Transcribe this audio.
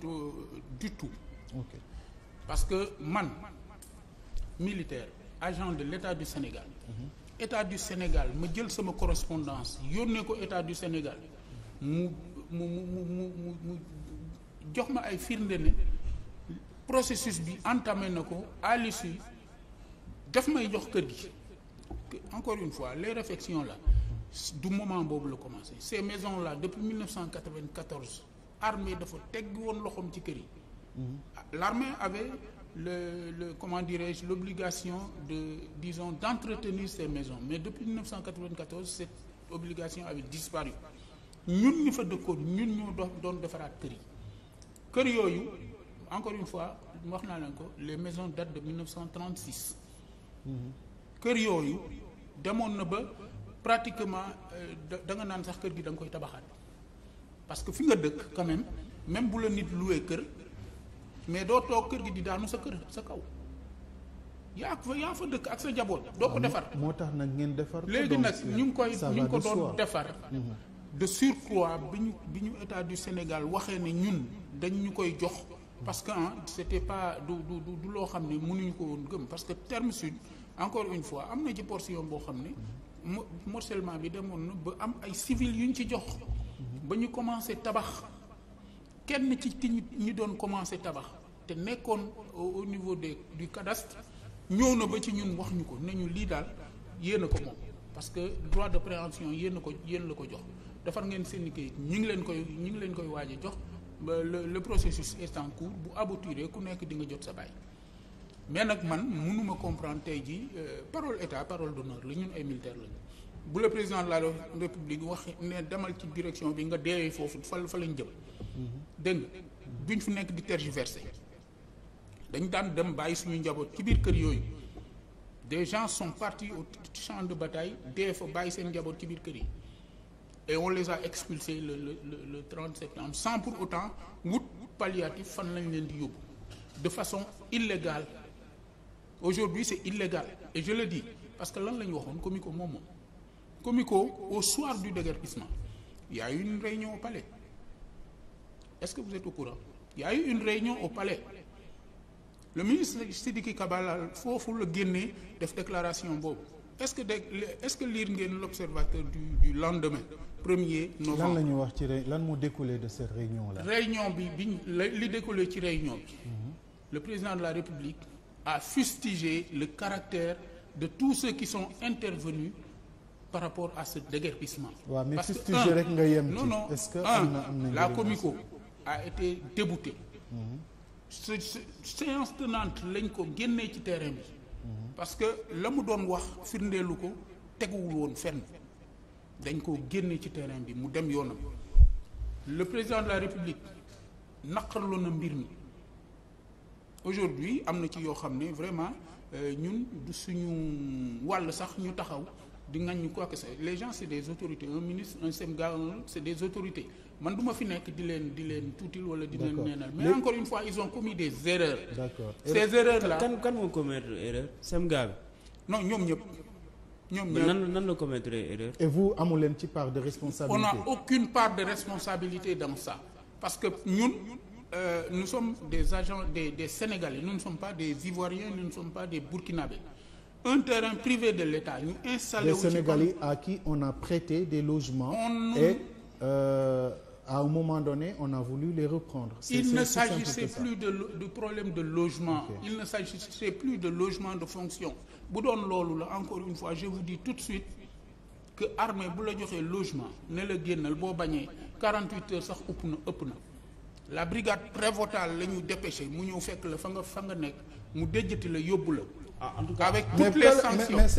compte euh, tout parce que man militaire agent de l'état du Sénégal mm -hmm. état du Sénégal ma jël sama correspondance yónnee ko état du Sénégal mu mu mu mu mu jox ma ay firnde ne processus bi entamé na ko à l'issue daf may jox kër gi encore une fois le réflexions la du moment boobu la commencé ces maisons là depuis armée dafa tegg woon loxoom ci kër yi. Mhm. l'armée ave le le comment dirais-je l'obligation de disons d'entretenir ces maisons mais depuis 1994 cette obligation avait disparu ñun ñu fa dëkkoon ñun ñoo doon defaraat kër yi kër yooyu encore une fois wax naa leen ko les maisons datent de 1936. Mhm. kër yooyu demoon na ba pratiquement euh, da nga naan sax kër gi da nga koy tabaxaat. parce que fi nga dëkk quand même bu la nit loué kër mais doo toog kër gi di daanu sa kër sa kaw yaa fa yaa fa dëkk ak sa jaboot doo ko ah, defar moo tax nag ngeen defar léegi nag ñu ngi koy ñu ngi ko doon defar mhm. de surcroît bi ñu bi ñu état du Sénégal waxee ne ñun dañu ñu koy jox parce que ah c'était pas du du du loo xam ne mënuñu ko woon gëm parce que terme sud encore une fois am na ci portion boo xam ne morcellement bi demoon na ba am ay civil yu ñu ci jox ba ñu commencé tabax kenn ci ki ñu doon commencé tabax te nekkoon au niveau des du cadastre ñëw na ba ci ñun wax ñu ko ne ñu lii daal yéen a ko moom parce que droit de préemption yéen a ko yéen la ko jox defar ngeen seen kayit ñu ngi leen koy ñu ngi leen koy waaj jox le le processus est en bu aboutiré ku nekk di nga jot sa bàyyi mais nag man mënuma comprendre tey jii euh, parole état parole d'honneur la ñun ay militaire lañu bu la président de la république wax ne demal ci direction bi nga deewee foofu fa fa lañu jëm. dégg nga duñ fi nekk di tergiverser dañ daan dem bàyyi suñu njaboot ci biir kër yooyu des gens sont partie au champ de bataille dee fa bàyyi seen njaboot ci biir kër yi et on les a expulsés le le le le 30 septembre sans pour autant wut palliatif fan lañ leen di yóbbu de façon illégale aujourd'hui c'est illégal et je le dis parce que lan la ñu waxoon comico moom moom. Comico au soir du déguerpissement il y a eu une réunion au palais est-ce que vous êtes au courant il y a eu une réunion au palais le ministre Sidiki Kaba foofu la génnee def déclaration boobu est-ce que de est-ce que lire ngeen l'observateur du du lendemain premier novembre lan la ñu wax ci lan moo découlé de cette réunion là. réunion bi biñ li découlé ci réunion bi. Mm-hmm. le président de la République a fustigé le caractère de tous ceux qui sont intervenus. par rapport à ce déguerpissement. waa mais si sujet rek nga yem ci est-ce que am na am na la Comico a été déboutée. Mhm. ce séance tenante lañ ko génnee ci terrain bi. Mhm. parce que la mu doon wax firndeelu ko teguwul woon fenn dañ ko génne ci terrain bi mu dem yoonam le président de la république naqarloo na mbir mi aujourd'hui am na ci yoo xam ne vraiment euh, ñun du suñu wàll sax ñu taxaw di ngañ quoi que ce les gens c'est des autorités un ministre un sem ga c'est des autorités man du ma fi nekk di leen di leen tuutil wala di leen neenal mais Le... encore une fois ils ont commis des erreurs d'accord ces erreurs là kan kan moo commettre erreur sem gars bi non ñoom ñëpp ñoom nan nan la commettre erreur et vous amu leen ci part de responsabilité on n'a aucune part de responsabilité dans ça parce que ñun euh, nous sommes des agents des des Sénégalais nous ne sommes des Ivoiriens nous ne sommes pas des un terrain privé de l'État ñu installé. les Sénégalais à qui on a prêté des logements. On... et euh, à un moment donné on a voulu les reprendre. il ne s'agissait plus de du problème de logement. Okay. il ne s'agissait plus de logement de fonction bu doon loolu la encore une fois je vous dis tout de suite que armée bu la joxee logement ne la génnal boo bañee 48 heures sax ëpp na ëpp na. la brigade prévotale la ñu dépêché mu ñëw fekk la fa nga fa nga nekk mu déjjati la yóbbu la. Ah, en tout cas avec toutes les sanctions